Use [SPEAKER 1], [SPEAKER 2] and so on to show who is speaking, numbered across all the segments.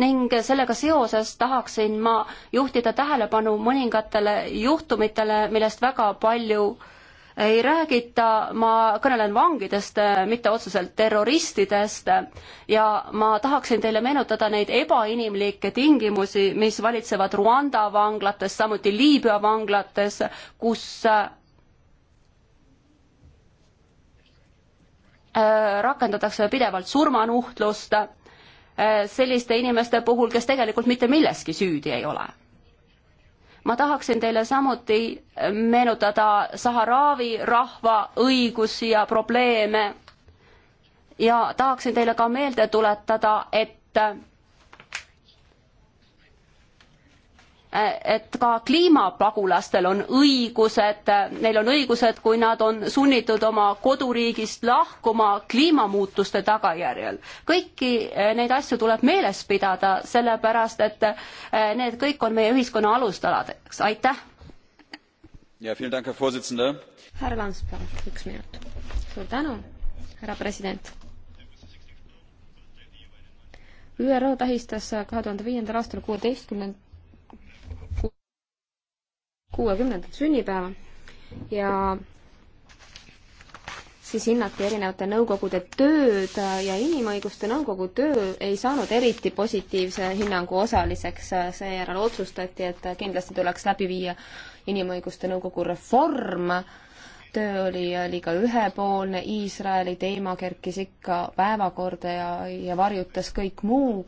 [SPEAKER 1] ning sellega seoses tahaksin ma juhtida tähelepanu mõningatele juhtumitele, millest väga palju ei räägita, ma kõnelen vangidest, mitte otseselt terroristidest ja ma tahaksin teile meenutada neid ebainimlikke tingimusi, mis valitsevad Rwanda vanglates, samuti Liibüa vanglates, kus äh, rakendatakse pidevalt surmanuhtlust Äh, selliste inimeste puhul, kes tegelikult mitte milleski süüdi ei ole. ma tahaksin teile samuti meenutada Saharaavi rahva õigusi ja probleeme ja tahaksin teile ka meelde tuletada, et et ka kliimapagulastel on õigused, neil on õigused, kui nad on sunnitud oma koduriigist lahkuma kliimamuutuste tagajärjel. kõiki neid asju tuleb meeles pidada, sellepärast et eh, need kõik on meie ühiskonna alustaladeks, aitäh.
[SPEAKER 2] härra Lansplan, üks minut. suur tänu, härra president ÜRO tähistas kahe tuhande viiendal aastal kuueteistkümnendat kuuekümnendat sünnipäeva ja siis hinnati erinevate nõukogude tööd ja Inimõiguste Nõukogu töö ei saanud eriti positiivse hinnangu osaliseks, seejärel otsustati, et kindlasti tuleks läbi viia Inimõiguste Nõukogu reform, töö oli liiga ühepoolne, Iisraeli teema kerkis ikka päevakorda ja, ja varjutas kõik muu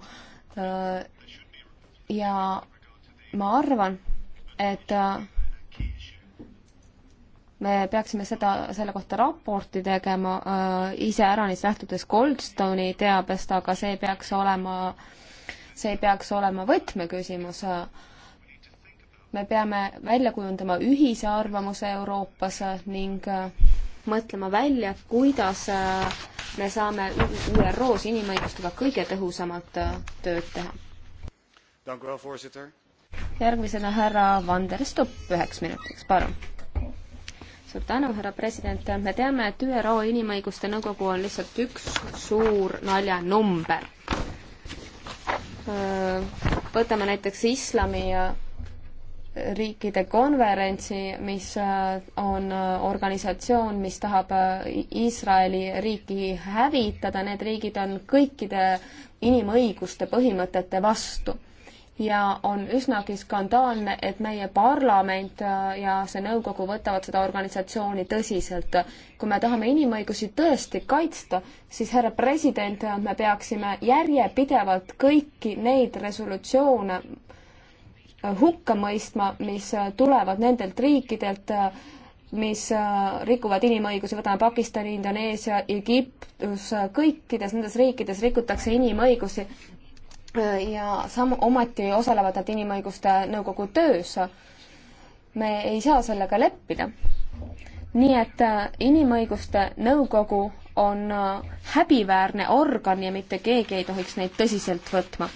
[SPEAKER 2] ja ma arvan, et äh, me peaksime seda, selle kohta raporti tegema äh, iseäranis lähtudes Goldstone'i teabest, aga see peaks olema, see peaks olema võtmeküsimus. me peame välja kujundama ühise arvamuse Euroopas ning äh, mõtlema välja, kuidas äh, me saame ÜRO-s inimõigustega kõige tõhusamalt äh, tööd teha järgmisena härra Vander Stupp üheks minutiks, palun. suur tänu, härra president, me teame, et ÜRO Inimõiguste Nõukogu on lihtsalt üks suur naljanumber. Võtame näiteks islami riikide konverentsi, mis äh, on äh, organisatsioon, mis tahab äh, Iisraeli riiki hävitada, need riigid on kõikide inimõiguste põhimõtete vastu ja on üsnagi skandaalne, et meie parlament ja see nõukogu võtavad seda organisatsiooni tõsiselt. kui me tahame inimõigusi tõesti kaitsta, siis härra president, me peaksime järjepidevalt kõiki neid resolutsioone hukka mõistma, mis tulevad nendelt riikidelt, mis rikuvad inimõigusi, võtame Pakistani, Indoneesia, Egiptus, kõikides nendes riikides rikutakse inimõigusi ja sam-, ometi osalevad nad Inimõiguste Nõukogu töös. me ei saa sellega leppida. nii et äh, Inimõiguste Nõukogu on äh, häbiväärne organ ja mitte keegi ei tohiks neid tõsiselt võtma.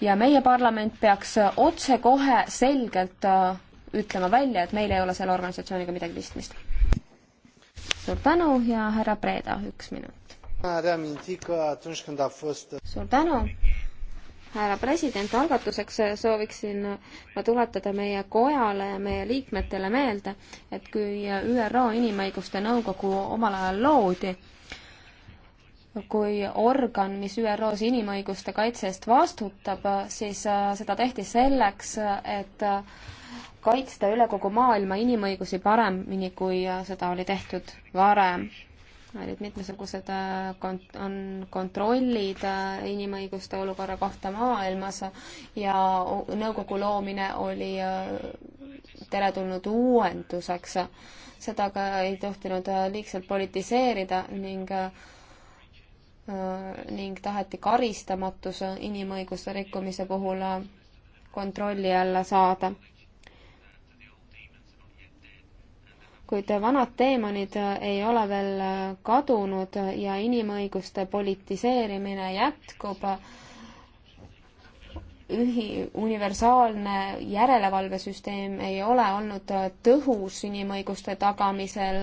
[SPEAKER 2] ja meie parlament peaks äh, otsekohe selgelt ütlema välja, et meil ei ole selle organisatsiooniga midagi pistmist. suur tänu ja härra Preeda, üks minut. Suur tänu! härra president, algatuseks sooviksin ma tuletada meie kojale ja meie liikmetele meelde, et kui ÜRO Inimõiguste Nõukogu omal ajal loodi, kui organ, mis ÜRO-s inimõiguste kaitse eest vastutab, siis äh, seda tehti selleks, et äh, kaitsta üle kogu maailma inimõigusi paremini, kui äh, seda oli tehtud varem olid mitmesugused äh, kont-, on kontrollid äh, inimõiguste olukorra kohta maailmas ja nõukogu loomine oli äh, teretulnud uuenduseks. seda ka ei tohtinud liigselt politiseerida ning ning taheti karistamatus inimõiguste rikkumise puhul kontrolli alla saada kuid vanad teemonid äh, ei ole veel äh, kadunud ja inimõiguste politiseerimine jätkub. ühi-, universaalne järelevalvesüsteem ei ole olnud äh, tõhus inimõiguste tagamisel,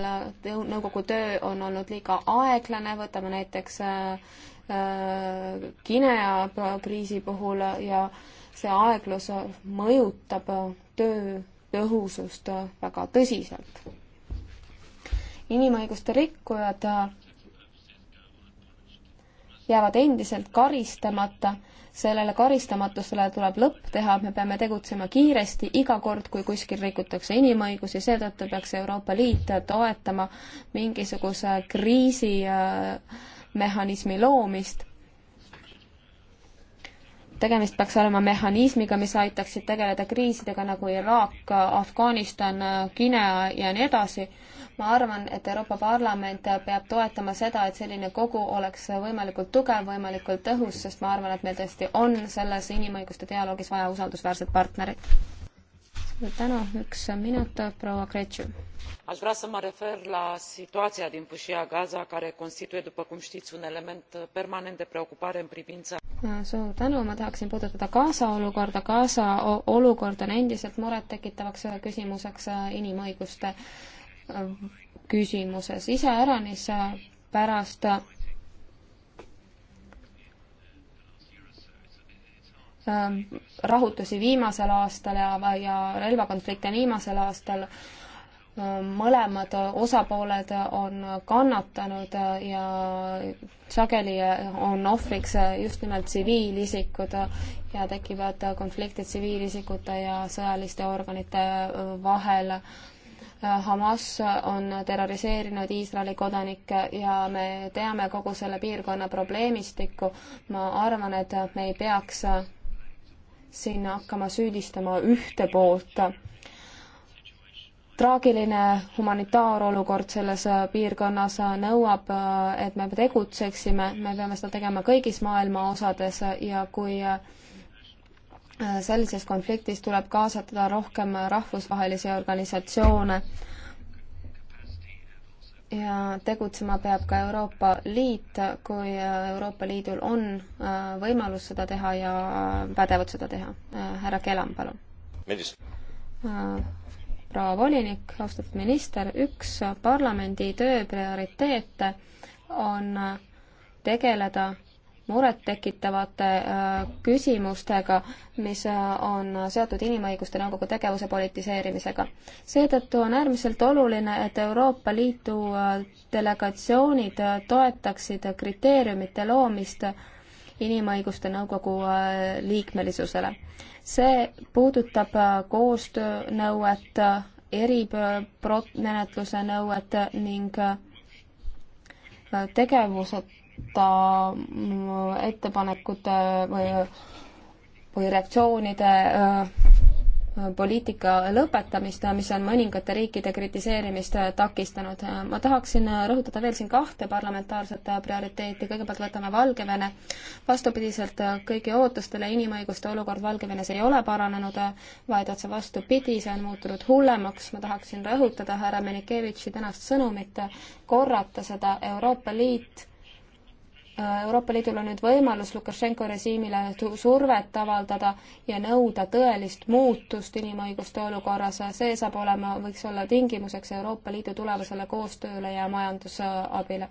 [SPEAKER 2] nõukogu töö on olnud liiga aeglane, võtame näiteks Guinea kriisi puhul ja see aeglus mõjutab töö tõhusust väga tõsiselt inimõiguste rikkujad äh, jäävad endiselt karistamata, sellele karistamatusele tuleb lõpp teha, me peame tegutsema kiiresti iga kord, kui kuskil rikutakse inimõigusi, seetõttu peaks Euroopa Liit toetama mingisuguse kriisimehhanismi äh, loomist. tegemist peaks olema mehhanismiga, mis aitaksid tegeleda kriisidega nagu Iraak, Afganistan, Guinea ja nii edasi ma arvan, et Euroopa Parlament peab toetama seda, et selline kogu oleks võimalikult tugev, võimalikult tõhus, sest ma arvan, et meil tõesti on selles inimõiguste dialoogis vaja usaldusväärset partnerit. suur tänu, üks minut, proua Gretšu. Aș vrea să mă refer la situația din fâșia Gaza, care constituie, după cum știți, un element permanent de preocupare în privința suur tänu, ma tahaksin puudutada Gaza olukorda. Gaza olukord on endiselt murettekitavaks küsimuseks inimõiguste küsimuses, iseäranis äh, pärast äh, rahutusi viimasel aastal ja, ja relvakonflikte viimasel aastal äh, mõlemad osapooled on kannatanud ja sageli on ohvriks just nimelt tsiviilisikud ja tekivad konfliktid tsiviilisikute ja sõjaliste organite vahel Hamas on terroriseerinud Iisraeli kodanikke ja me teame kogu selle piirkonna probleemistikku. ma arvan, et me ei peaks siin hakkama süüdistama ühte poolt traagiline humanitaarolukord selles piirkonnas nõuab, et me tegutseksime, me peame seda tegema kõigis maailma osades ja kui Äh, sellises konfliktis tuleb kaasatada rohkem rahvusvahelisi organisatsioone ja tegutsema peab ka Euroopa Liit, kui äh, Euroopa Liidul on äh, võimalus seda teha ja pädevad seda teha. härra Kelam, palun. proua volinik, austatud minister, üks parlamendi töö prioriteete on tegeleda murettekitavate äh, küsimustega, mis äh, on seotud Inimõiguste Nõukogu tegevuse politiseerimisega. seetõttu on äärmiselt oluline, et Euroopa Liidu äh, delegatsioonid toetaksid kriteeriumite loomist Inimõiguste Nõukogu liikmelisusele. see puudutab koostöönõuet, erimenetluse nõuet ning tegevused võtta ettepanekute või, või reaktsioonide äh, poliitika lõpetamist, mis on mõningate riikide kritiseerimist äh, takistanud. ma tahaksin rõhutada veel siin kahte parlamentaarset prioriteeti, kõigepealt võtame Valgevene. vastupidiselt äh, kõigi ootustele inimõiguste olukord Valgevenes ei ole paranenud, vaid otse vastupidi, see on muutunud hullemaks. ma tahaksin rõhutada härra Menikevitši tänast sõnumit, korrata seda Euroopa Liit Euroopa Liidul on nüüd võimalus Lukašenko režiimile survet avaldada ja nõuda tõelist muutust inimõiguste olukorras. see saab olema, võiks olla tingimuseks Euroopa Liidu tulevasele koostööle ja majandusabile.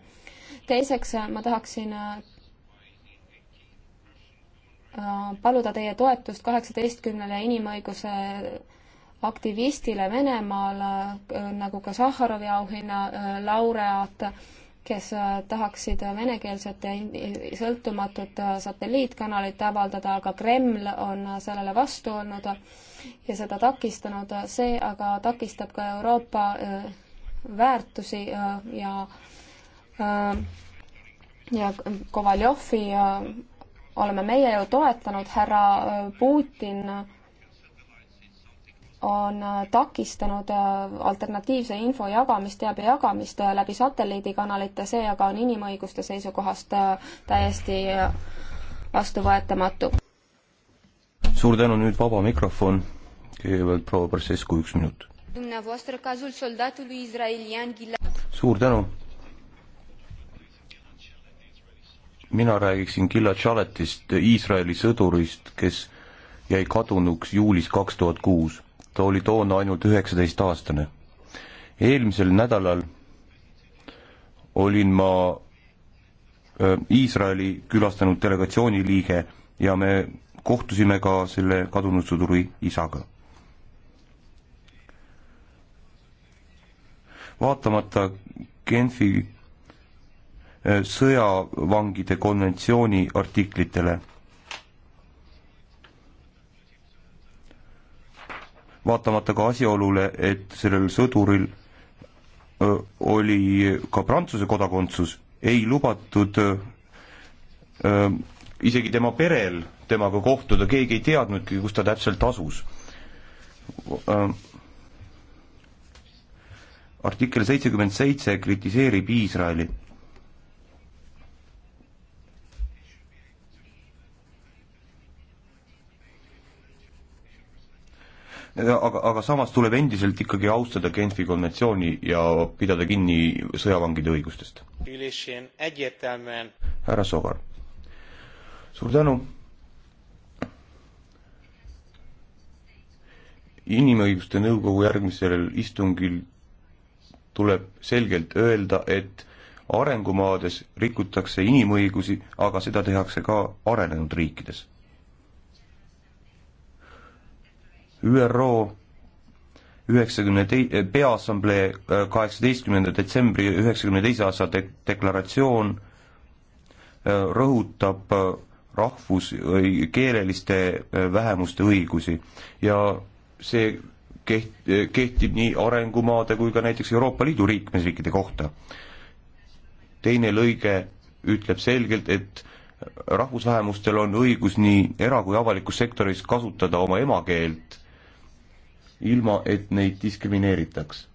[SPEAKER 2] teiseks ma tahaksin äh, paluda teie toetust kaheksateistkümnele inimõiguse aktivistile Venemaal, äh, nagu ka Sahharovi auhinna äh, laureaat kes äh, tahaksid venekeelset ja sõltumatut äh, satelliitkanalit avaldada, aga Kreml on äh, sellele vastu olnud ja seda takistanud. see aga takistab ka Euroopa väärtusi ja, ja Kovaljovi oleme meie ju toetanud, härra Putin on äh, takistanud äh, alternatiivse info jagamist, teabe jagamist äh, läbi satelliidikanalite, see aga on inimõiguste seisukohast täiesti vastuvõetamatu.
[SPEAKER 3] suur tänu, nüüd vaba mikrofon. kõigepealt proua Persescu, üks minut. suur tänu. mina räägiksin Gilad Shaletist, Iisraeli sõdurist, kes jäi kadunuks juulis kaks tuhat kuus ta oli toona ainult üheksateistaastane. eelmisel nädalal olin ma Iisraeli külastanud delegatsiooni liige ja me kohtusime ka selle kadunud sõduri isaga. vaatamata Genfi sõjavangide konventsiooni artiklitele vaatamata ka asjaolule, et sellel sõduril öö, oli ka Prantsuse kodakondsus, ei lubatud öö, isegi tema perel temaga kohtuda, keegi ei teadnudki, kus ta täpselt asus. artikkel seitsekümmend seitse kritiseerib Iisraeli aga, aga samas tuleb endiselt ikkagi austada Genfi konventsiooni ja pidada kinni sõjavangide õigustest. härra Sogar, suur tänu. inimõiguste nõukogu järgmisel istungil tuleb selgelt öelda, et arengumaades rikutakse inimõigusi, aga seda tehakse ka arenenud riikides ÜRO üheksakümne tei-, Peaassamblee äh, kaheksateistkümnenda detsembri üheksakümne teise aasta de-, deklaratsioon äh, rõhutab äh, rahvus-, keeleliste vähemuste õigusi ja see keht-, kehtib nii arengumaade kui ka näiteks Euroopa Liidu liikmesriikide kohta. teine lõige ütleb selgelt, et rahvusvähemustel on õigus nii era- kui avalikus sektoris kasutada oma emakeelt ilma et neid diskrimineeritaks.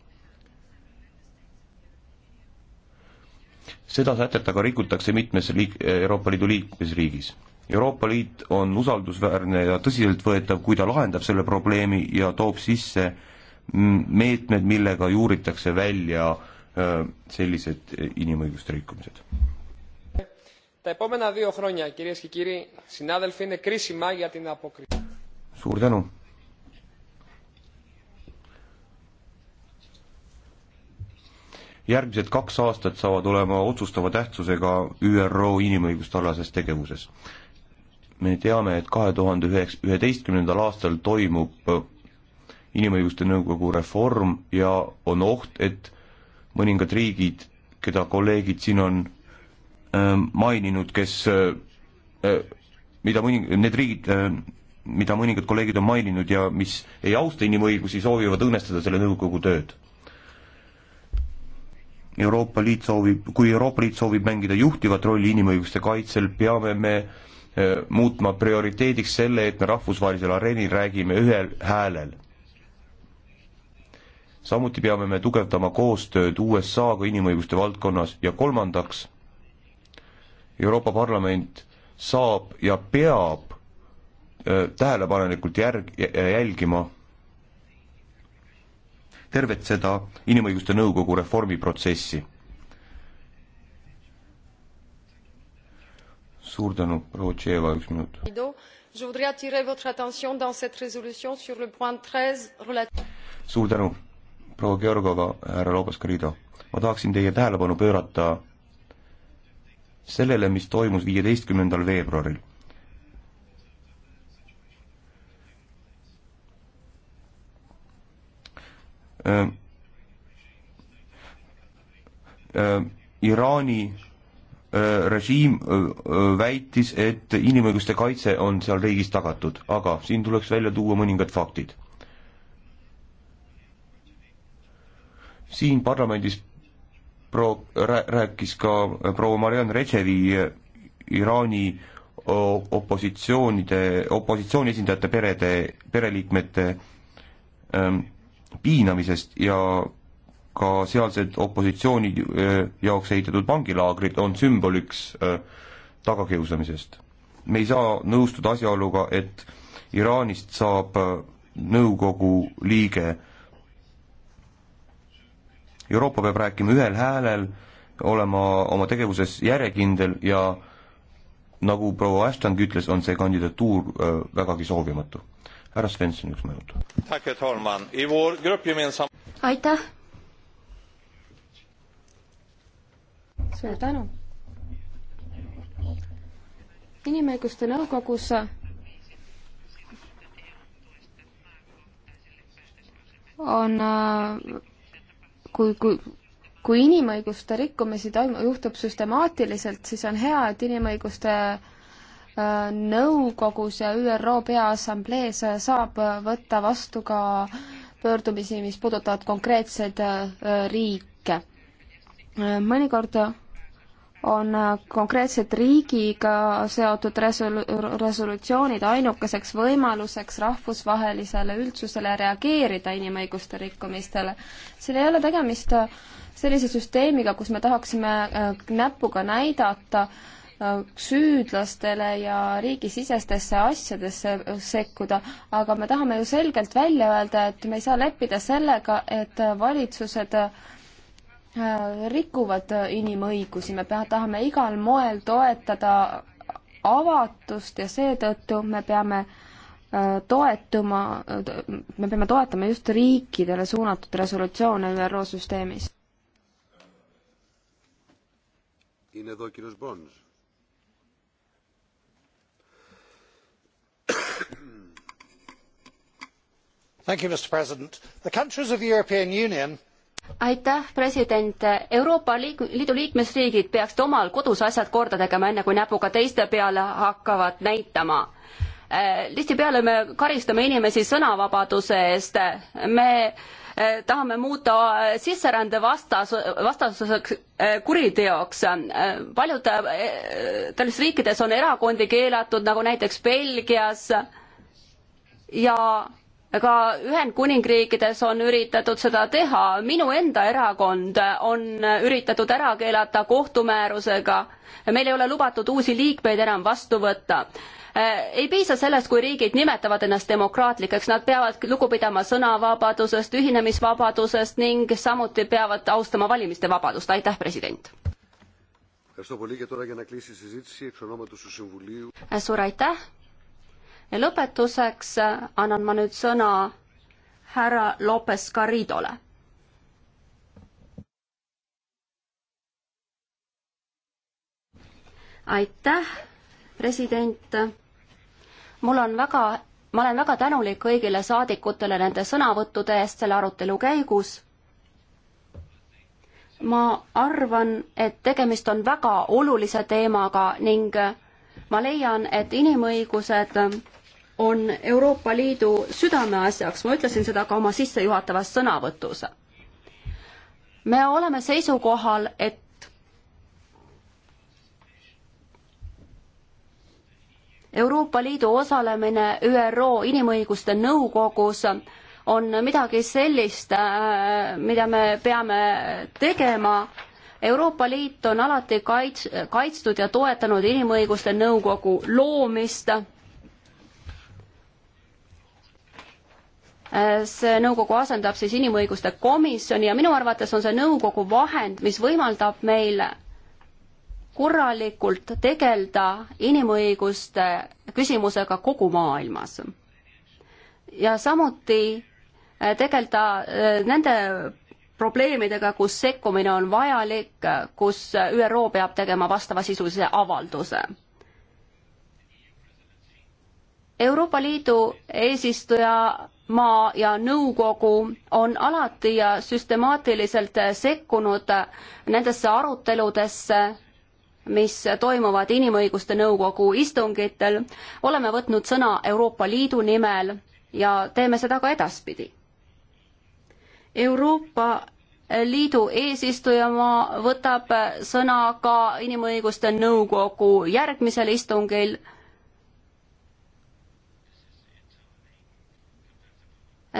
[SPEAKER 3] seda sätet aga rikutakse mitmes liik-, Euroopa Liidu liikmesriigis. Euroopa Liit on usaldusväärne ja tõsiseltvõetav, kui ta lahendab selle probleemi ja toob sisse meetmed, millega juuritakse välja sellised inimõiguste rikkumised. Τα επόμενα δύο χρόνια, κυρίες και κύριοι συνάδελφοι, είναι κρίσιμα για την αποκρισία. Suur tänu! järgmised kaks aastat saavad olema otsustava tähtsusega ÜRO inimõiguste alases tegevuses. me teame, et kahe tuhande üheks-, üheteistkümnendal aastal toimub äh, inimõiguste nõukogu reform ja on oht, et mõningad riigid, keda kolleegid siin on ähm, maininud, kes äh, äh mida mõning-, need riigid äh,, mida mõningad kolleegid on maininud ja mis ei austa inimõigusi, soovivad õõnestada selle nõukogu tööd Euroopa Liit soovib, kui Euroopa Liit soovib mängida juhtivat rolli inimõiguste kaitsel, peame me eh, muutma prioriteediks selle, et me rahvusvahelisel areenil räägime ühel häälel. samuti peame me tugevdama koostööd USA-ga inimõiguste valdkonnas ja kolmandaks, Euroopa Parlament saab ja peab eh, tähelepanelikult järg, jälgima tervet seda Inimõiguste Nõukogu reformiprotsessi. suur tänu, proua Tšeeva, üks minut. suur tänu, proua Georgova, härra Lobas-Karido. ma tahaksin teie tähelepanu pöörata sellele, mis toimus viieteistkümnendal veebruaril äh, äh, Iraani äh, režiim äh, äh, väitis, et inimõiguste kaitse on seal riigis tagatud, aga siin tuleks välja tuua mõningad faktid. siin parlamendis pro-, rää-, rääkis ka proua Marianne Retševi äh, Iraani opositsioonide, opositsiooni esindajate perede, pereliikmete ähm, piinamisest ja ka sealsed opositsiooni äh, jaoks ehitatud vangilaagrid on sümboliks äh, tagakiusamisest. me ei saa nõustuda asjaoluga, et Iraanist saab äh, nõukogu liige. Euroopa peab rääkima ühel häälel, olema oma tegevuses järjekindel ja nagu proua Ashtongi ütles, on see kandidatuur vägagi soovimatu härra Svensson, üks minut.
[SPEAKER 1] aitäh.
[SPEAKER 2] suur tänu. inimõiguste nõukogus on kui, kui kui inimõiguste rikkumisi toimub, juhtub süstemaatiliselt, siis on hea, et inimõiguste äh, nõukogus ja ÜRO Peaassamblees saab võtta vastu ka pöördumisi, mis puudutavad konkreetseid äh, riike. mõnikord on äh, konkreetselt riigiga seotud resolu-, resolutsioonid ainukeseks võimaluseks rahvusvahelisele üldsusele reageerida inimõiguste rikkumistele. siin ei ole tegemist äh, sellise süsteemiga, kus me tahaksime näpuga näidata äh, süüdlastele ja riigisisestesse asjadesse sekkuda, aga me tahame ju selgelt välja öelda, et me ei saa leppida sellega, et valitsused äh, rikuvad inimõigusi, me pea-, tahame igal moel toetada avatust ja seetõttu me peame äh, toetuma, me peame toetama just riikidele suunatud resolutsioone ÜRO süsteemis.
[SPEAKER 1] aitäh president euroopa liidu liikmesriigid peaksid omal kodus asjad korda tegema enne kui näpuga teiste peale hakkavad näitama Äh, tihtipeale me karistame inimesi sõnavabaduse eest, me äh, tahame muuta äh, sisserände vastas, vastaseks kuriteoks. paljudes riikides on erakondi keelatud, nagu näiteks Belgias ja ka Ühendkuningriikides on üritatud seda teha, minu enda erakond on üritatud ära keelata kohtumäärusega, meil ei ole lubatud uusi liikmeid enam vastu võtta Äh, ei piisa sellest, kui riigid nimetavad ennast demokraatlikeks, nad peavad lugu pidama sõnavabadusest, ühinemisvabadusest ning samuti peavad austama valimiste vabadust, aitäh, president!
[SPEAKER 3] Äh, suur aitäh!
[SPEAKER 1] lõpetuseks äh, annan ma nüüd sõna härra Lopes Garridole aitäh, president mul on väga, ma olen väga tänulik kõigile saadikutele nende sõnavõttude eest selle arutelu käigus. ma arvan, et tegemist on väga olulise teemaga ning ma leian, et inimõigused on Euroopa Liidu südameasjaks, ma ütlesin seda ka oma sissejuhatavas sõnavõtus. me oleme seisukohal, et Euroopa Liidu osalemine ÜRO Inimõiguste Nõukogus on midagi sellist, äh, mida me peame tegema. Euroopa Liit on alati kaits-, kaitstud ja toetanud Inimõiguste Nõukogu loomist. Äh, see nõukogu asendab siis Inimõiguste Komisjoni ja minu arvates on see nõukogu vahend, mis võimaldab meil korralikult tegeleda inimõiguste küsimusega kogu maailmas. ja samuti äh, tegeleda äh, nende probleemidega, kus sekkumine on vajalik, kus ÜRO peab tegema vastavasisulise avalduse. Euroopa Liidu eesistuja maa ja nõukogu on alati ja süstemaatiliselt sekkunud nendesse aruteludesse mis toimuvad Inimõiguste Nõukogu istungitel. oleme võtnud sõna Euroopa Liidu nimel ja teeme seda ka edaspidi. Euroopa Liidu eesistujamaa võtab sõna ka Inimõiguste Nõukogu järgmisel istungil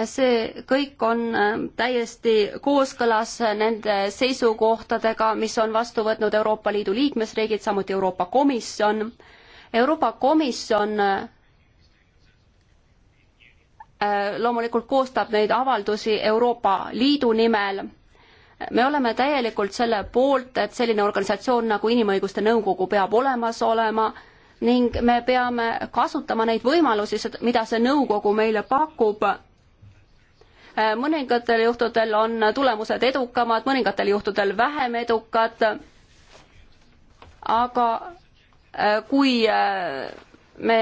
[SPEAKER 1] see kõik on ähm, täiesti kooskõlas äh, nende seisukohtadega, mis on vastu võtnud Euroopa Liidu liikmesriigid, samuti Euroopa Komisjon. Euroopa Komisjon äh, äh, loomulikult koostab neid avaldusi Euroopa Liidu nimel. me oleme täielikult selle poolt, et selline organisatsioon nagu Inimõiguste Nõukogu peab olemas olema ning me peame kasutama neid võimalusi, mida see nõukogu meile pakub Äh, mõningatel juhtudel on tulemused edukamad, mõningatel juhtudel vähem edukad. aga äh, kui äh, me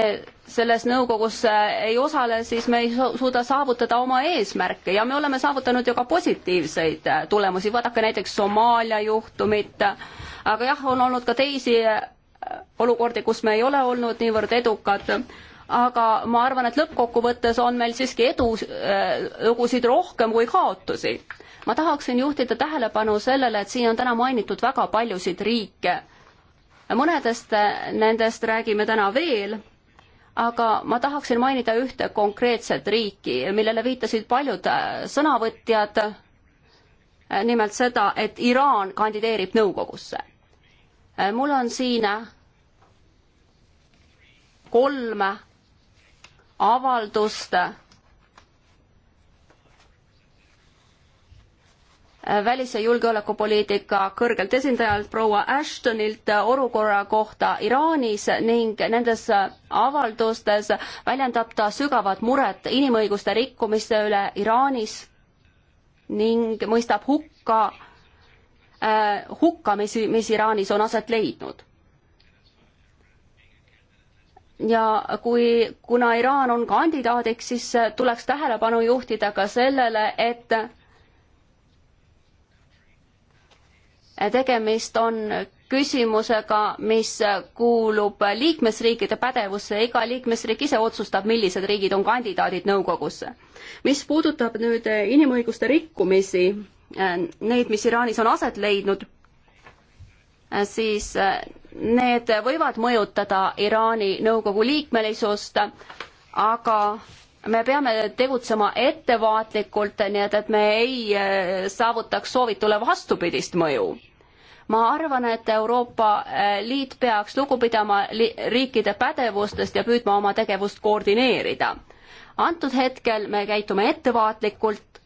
[SPEAKER 1] selles nõukogus ei osale, siis me ei suuda saavutada oma eesmärke ja me oleme saavutanud ju ka positiivseid tulemusi, vaadake näiteks Somaalia juhtumit, aga jah, on olnud ka teisi olukordi, kus me ei ole olnud niivõrd edukad aga ma arvan, et lõppkokkuvõttes on meil siiski edulugusid äh, rohkem kui kaotusi. ma tahaksin juhtida tähelepanu sellele, et siin on täna mainitud väga paljusid riike. mõnedest äh, nendest räägime täna veel, aga ma tahaksin mainida ühte konkreetset riiki, millele viitasid paljud äh, sõnavõtjad, nimelt seda, et Iraan kandideerib nõukogusse. mul on siin kolm avaldust äh, välis- ja julgeolekupoliitika kõrgelt esindajalt proua Ashtonilt olukorra kohta Iraanis ning nendes avaldustes väljendab ta sügavat muret inimõiguste rikkumiste üle Iraanis ning mõistab hukka äh, hukkamisi, mis Iraanis on aset leidnud ja kui, kuna Iraan on kandidaadiks, siis tuleks tähelepanu juhtida ka sellele, et tegemist on küsimusega, mis kuulub liikmesriikide pädevusse ja iga liikmesriik ise otsustab, millised riigid on kandidaadid nõukogusse. mis puudutab nüüd inimõiguste rikkumisi, neid, mis Iraanis on aset leidnud, siis Need võivad mõjutada Iraani nõukogu liikmelisust, aga me peame tegutsema ettevaatlikult, nii et, et me ei eh, saavutaks soovitule vastupidist mõju. ma arvan, et Euroopa eh, Liit peaks lugu pidama riikide pädevustest ja püüdma oma tegevust koordineerida. antud hetkel me käitume ettevaatlikult.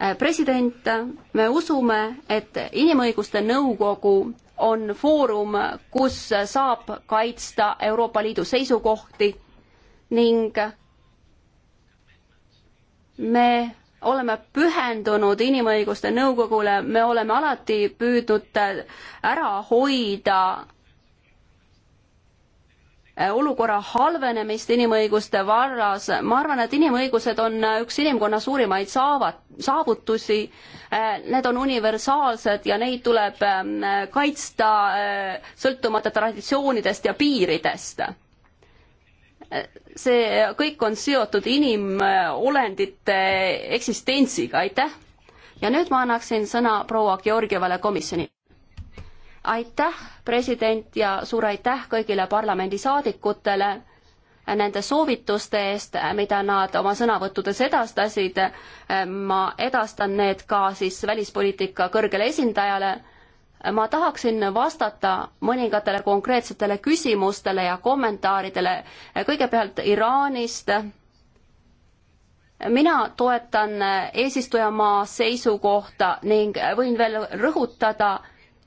[SPEAKER 1] Eh, president, me usume, et Inimõiguste Nõukogu on foorum, kus saab kaitsta Euroopa Liidu seisukohti ning me oleme pühendunud Inimõiguste Nõukogule, me oleme alati püüdnud ära hoida Äh, olukorra halvenemist inimõiguste vallas. ma arvan, et inimõigused on äh, üks inimkonna suurimaid saavat-, saavutusi. Äh, need on universaalsed ja neid tuleb ähm, kaitsta sõltumata traditsioonidest ja piiridest see kõik on seotud inimolendite eksistentsiga, aitäh! ja nüüd ma annaksin sõna proua Georgievale komisjoni aitäh, president, ja suur aitäh kõigile parlamendisaadikutele nende soovituste eest, mida nad oma sõnavõttudes edastasid. ma edastan need ka siis välispoliitika kõrgele esindajale. ma tahaksin vastata mõningatele konkreetsetele küsimustele ja kommentaaridele. kõigepealt Iraanist mina toetan eesistujamaa seisukohta ning võin veel rõhutada,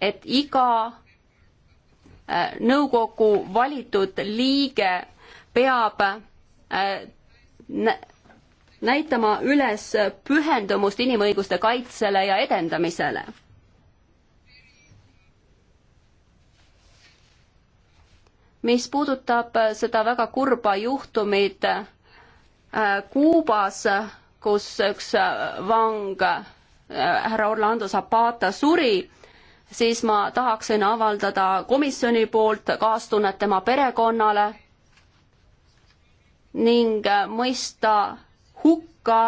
[SPEAKER 1] et iga äh, nõukogu valitud liige peab äh, näitama üles pühendumust inimõiguste kaitsele ja edendamisele. mis puudutab äh, seda väga kurba juhtumit Kuubas, kus üks vang härra Orlando Zapata suri, siis ma tahaksin avaldada komisjoni poolt kaastunnet tema perekonnale ning mõista hukka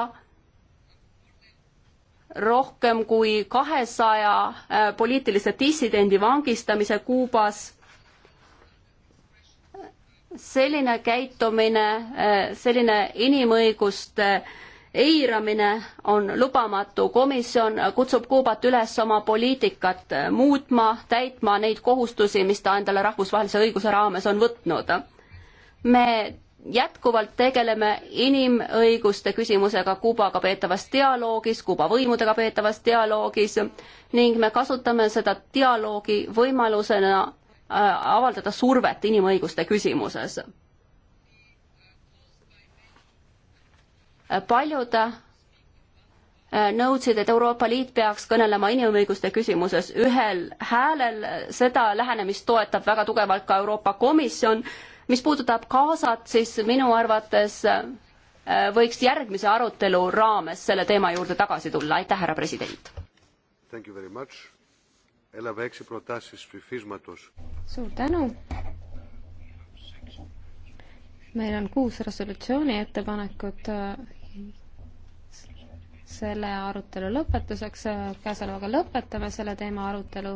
[SPEAKER 1] rohkem kui kahesaja äh, poliitilise dissidendi vangistamise Kuubas. selline käitumine, äh, selline inimõiguste eiramine on lubamatu. komisjon kutsub Kuubat üles oma poliitikat muutma, täitma neid kohustusi, mis ta endale rahvusvahelise õiguse raames on võtnud. me jätkuvalt tegeleme inimõiguste küsimusega Kuubaga peetavas dialoogis, Kuuba võimudega peetavas dialoogis ning me kasutame seda dialoogi võimalusena äh, avaldada survet inimõiguste küsimuses paljud äh, nõudsid, et Euroopa Liit peaks kõnelema inimõiguste küsimuses ühel häälel, seda lähenemist toetab väga tugevalt ka Euroopa Komisjon. mis puudutab Gazat, siis minu arvates äh, võiks järgmise arutelu raames selle teema juurde tagasi tulla, aitäh, härra president! suur tänu!
[SPEAKER 2] meil on kuus resolutsiooni ettepanekut selle arutelu lõpetuseks, käesolevaga lõpetame selle teema arutelu.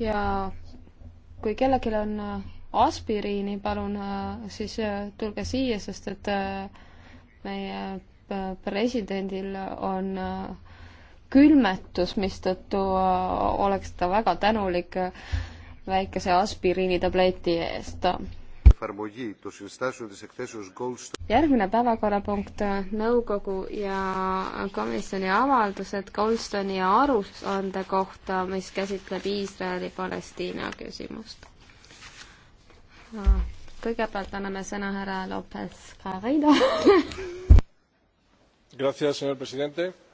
[SPEAKER 2] ja kui kellelgi on äh, aspiriini, palun äh, siis äh, tulge siia, sest et meie presidendil on külmetus, mistõttu oleks ta väga tänulik väikese aspiriinitableti eest järgmine päevakorrapunkt, äh, nõukogu ja komisjoni avaldused Goldstoni aruande kohta, mis käsitleb Iisraeli-Palestiina küsimust. Äh, kõigepealt anname sõna
[SPEAKER 1] härra Lopez Carreidole.
[SPEAKER 3] Gracias, señor presidente